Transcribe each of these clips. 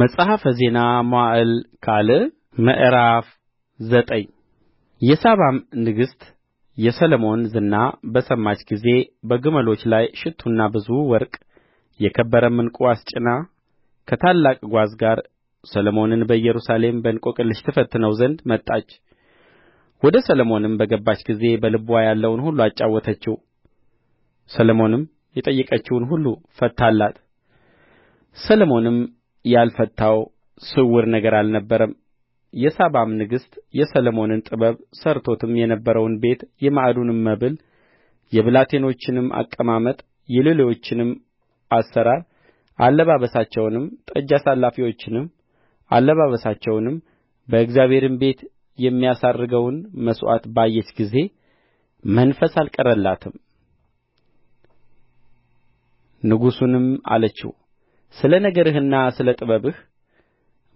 መጽሐፈ ዜና መዋዕል ካልዕ ምዕራፍ ዘጠኝ የሳባም ንግሥት የሰሎሞን ዝና በሰማች ጊዜ በግመሎች ላይ ሽቱና ብዙ ወርቅ የከበረም ዕንቍ አስጭና ከታላቅ ጓዝ ጋር ሰሎሞንን በኢየሩሳሌም በእንቆቅልሽ ትፈትነው ዘንድ መጣች። ወደ ሰሎሞንም በገባች ጊዜ በልቧ ያለውን ሁሉ አጫወተችው። ሰሎሞንም የጠየቀችውን ሁሉ ፈታላት። ሰሎሞንም ያልፈታው ስውር ነገር አልነበረም የሳባም ንግሥት የሰሎሞንን ጥበብ ሠርቶትም የነበረውን ቤት የማዕዱንም መብል የብላቴኖችንም አቀማመጥ የሎሌዎችንም አሠራር አለባበሳቸውንም ጠጅ አሳላፊዎችንም አለባበሳቸውንም በእግዚአብሔርም ቤት የሚያሳርገውን መሥዋዕት ባየች ጊዜ መንፈስ አልቀረላትም ንጉሡንም አለችው ስለ ነገርህና ስለ ጥበብህ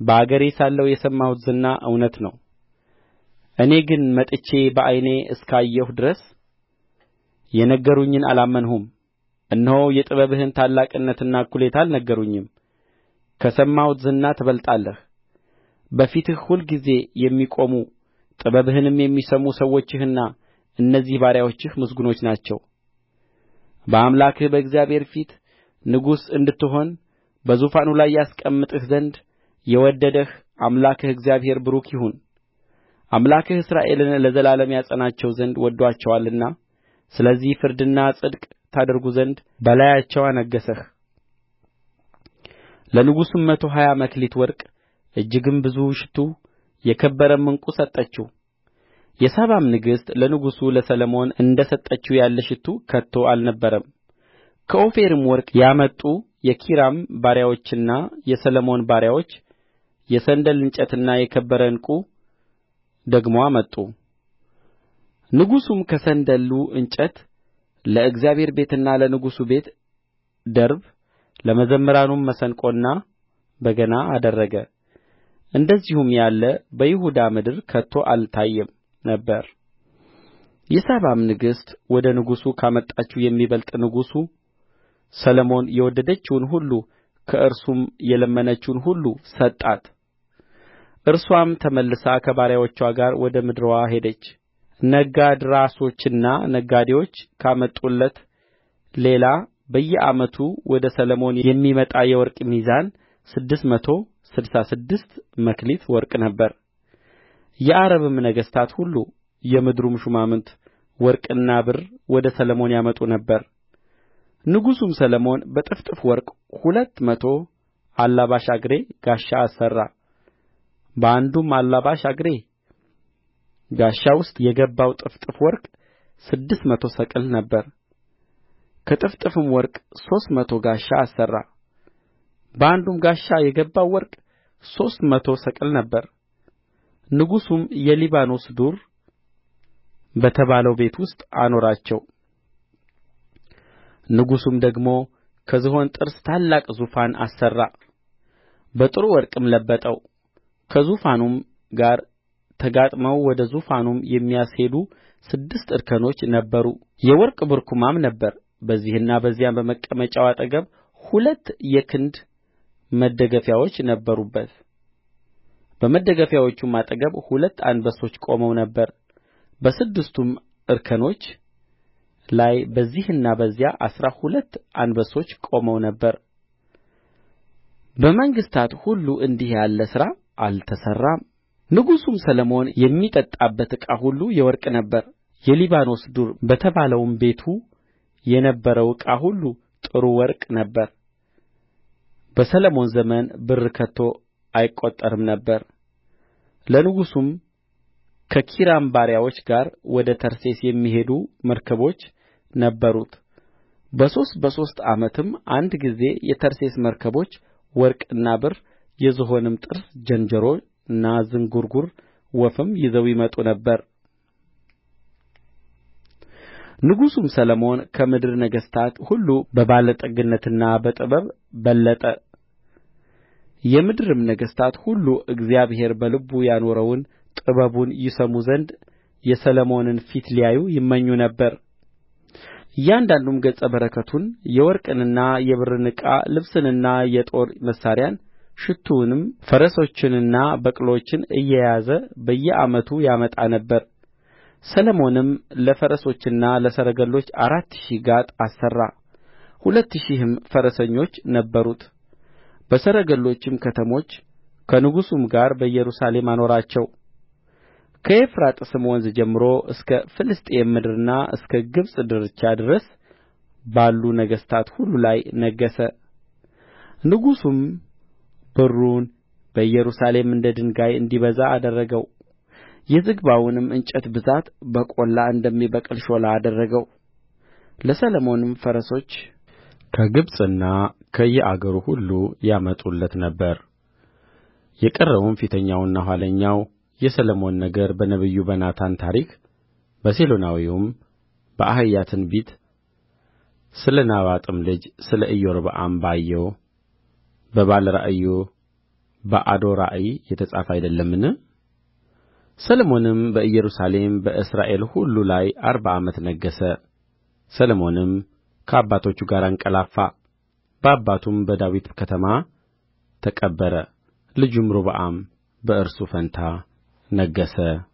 በአገሬ ሳለሁ የሰማሁት ዝና እውነት ነው እኔ ግን መጥቼ በዓይኔ እስካየሁ ድረስ የነገሩኝን አላመንሁም እነሆ የጥበብህን ታላቅነትና እኵሌታ አልነገሩኝም ከሰማሁት ዝና ትበልጣለህ በፊትህ ሁልጊዜ የሚቆሙ ጥበብህንም የሚሰሙ ሰዎችህና እነዚህ ባሪያዎችህ ምስጉኖች ናቸው በአምላክህ በእግዚአብሔር ፊት ንጉሥ እንድትሆን በዙፋኑ ላይ ያስቀምጥህ ዘንድ የወደደህ አምላክህ እግዚአብሔር ቡሩክ ይሁን አምላክህ እስራኤልን ለዘላለም ያጸናቸው ዘንድ ወድዶአቸዋልና ስለዚህ ፍርድና ጽድቅ ታደርጉ ዘንድ በላያቸው አነገሠህ ለንጉሡም መቶ ሀያ መክሊት ወርቅ እጅግም ብዙ ሽቱ የከበረም ዕንቍ ሰጠችው የሳባም ንግሥት ለንጉሡ ለሰሎሞን እንደ ሰጠችው ያለ ሽቱ ከቶ አልነበረም ከኦፊርም ወርቅ ያመጡ የኪራም ባሪያዎችና የሰሎሞን ባሪያዎች የሰንደል እንጨትና የከበረ ዕንቍ ደግሞ አመጡ ንጉሡም ከሰንደሉ እንጨት ለእግዚአብሔር ቤትና ለንጉሡ ቤት ደርብ ለመዘምራኑም መሰንቆና በገና አደረገ እንደዚህም ያለ በይሁዳ ምድር ከቶ አልታየም ነበር የሳባም ንግሥት ወደ ንጉሡ ካመጣችው የሚበልጥ ንጉሡ ሰሎሞን የወደደችውን ሁሉ ከእርሱም የለመነችውን ሁሉ ሰጣት እርስዋም ተመልሳ ከባሪያዎችዋ ጋር ወደ ምድርዋ ሄደች ነጋድራሶችና ነጋዴዎች ካመጡለት ሌላ በየዓመቱ ወደ ሰሎሞን የሚመጣ የወርቅ ሚዛን ስድስት መቶ ስድሳ ስድስት መክሊት ወርቅ ነበረ። የዓረብም ነገሥታት ሁሉ የምድሩም ሹማምት ወርቅና ብር ወደ ሰሎሞን ያመጡ ነበር ንጉሡም ሰሎሞን በጥፍጥፍ ወርቅ ሁለት መቶ አላባሽ አግሬ ጋሻ አሠራ በአንዱም አላባሽ አግሬ ጋሻ ውስጥ የገባው ጥፍጥፍ ወርቅ ስድስት መቶ ሰቅል ነበረ ከጥፍጥፍም ወርቅ ሦስት መቶ ጋሻ አሠራ በአንዱም ጋሻ የገባው ወርቅ ሦስት መቶ ሰቅል ነበረ ንጉሡም የሊባኖስ ዱር በተባለው ቤት ውስጥ አኖራቸው ንጉሡም ደግሞ ከዝሆን ጥርስ ታላቅ ዙፋን አሠራ በጥሩ ወርቅም ለበጠው ከዙፋኑም ጋር ተጋጥመው ወደ ዙፋኑም የሚያስሄዱ ስድስት እርከኖች ነበሩ የወርቅ ብርኩማም ነበረ በዚህና በዚያም በመቀመጫው አጠገብ ሁለት የክንድ መደገፊያዎች ነበሩበት በመደገፊያዎቹም አጠገብ ሁለት አንበሶች ቆመው ነበር በስድስቱም እርከኖች ላይ በዚህና በዚያ አሥራ ሁለት አንበሶች ቆመው ነበር በመንግሥታት ሁሉ እንዲህ ያለ ሥራ አልተሠራም ንጉሡም ሰሎሞን የሚጠጣበት ዕቃ ሁሉ የወርቅ ነበረ የሊባኖስ ዱር በተባለውም ቤቱ የነበረው ዕቃ ሁሉ ጥሩ ወርቅ ነበረ በሰሎሞን ዘመን ብር ከቶ አይቈጠርም ነበር ለንጉሡም ከኪራም ባሪያዎች ጋር ወደ ተርሴስ የሚሄዱ መርከቦች ነበሩት በሦስት በሦስት ዓመትም አንድ ጊዜ የተርሴስ መርከቦች ወርቅና ብር የዝሆንም ጥርስ ጀንጀሮና ዝንጉርጉር ወፍም ይዘው ይመጡ ነበር ንጉሡም ሰሎሞን ከምድር ነገሥታት ሁሉ በባለጠግነትና በጥበብ በለጠ የምድርም ነገሥታት ሁሉ እግዚአብሔር በልቡ ያኖረውን ጥበቡን ይሰሙ ዘንድ የሰሎሞንን ፊት ሊያዩ ይመኙ ነበር እያንዳንዱም ገጸ በረከቱን የወርቅንና የብርን ዕቃ ልብስንና የጦር መሣሪያን ሽቱውንም ፈረሶችንና በቅሎችን እየያዘ በየዓመቱ ያመጣ ነበር ሰሎሞንም ለፈረሶችና ለሰረገሎች አራት ሺህ ጋጥ አሠራ ሁለት ሺህም ፈረሰኞች ነበሩት በሰረገሎችም ከተሞች ከንጉሡም ጋር በኢየሩሳሌም አኖራቸው ከኤፍራጥስም ወንዝ ጀምሮ እስከ ፍልስጥኤም ምድርና እስከ ግብጽ ዳርቻ ድረስ ባሉ ነገሥታት ሁሉ ላይ ነገሠ ንጉሡም ብሩን በኢየሩሳሌም እንደ ድንጋይ እንዲበዛ አደረገው የዝግባውንም እንጨት ብዛት በቈላ እንደሚበቅል ሾላ አደረገው ለሰሎሞንም ፈረሶች ከግብጽና ከየአገሩ ሁሉ ያመጡለት ነበር የቀረውም ፊተኛውና ኋለኛው የሰሎሞን ነገር በነቢዩ በናታን ታሪክ በሴሎናዊውም በኦሒያ ትንቢት ስለ ናባጥም ልጅ ስለ ኢዮርብዓም ባየው በባለ ራእዩ በአዶ ራእይ የተጻፈ አይደለምን? ሰሎሞንም በኢየሩሳሌም በእስራኤል ሁሉ ላይ አርባ ዓመት ነገሠ። ሰሎሞንም ከአባቶቹ ጋር አንቀላፋ፣ በአባቱም በዳዊት ከተማ ተቀበረ። ልጁም ሮብዓም በእርሱ ፈንታ ነገሠ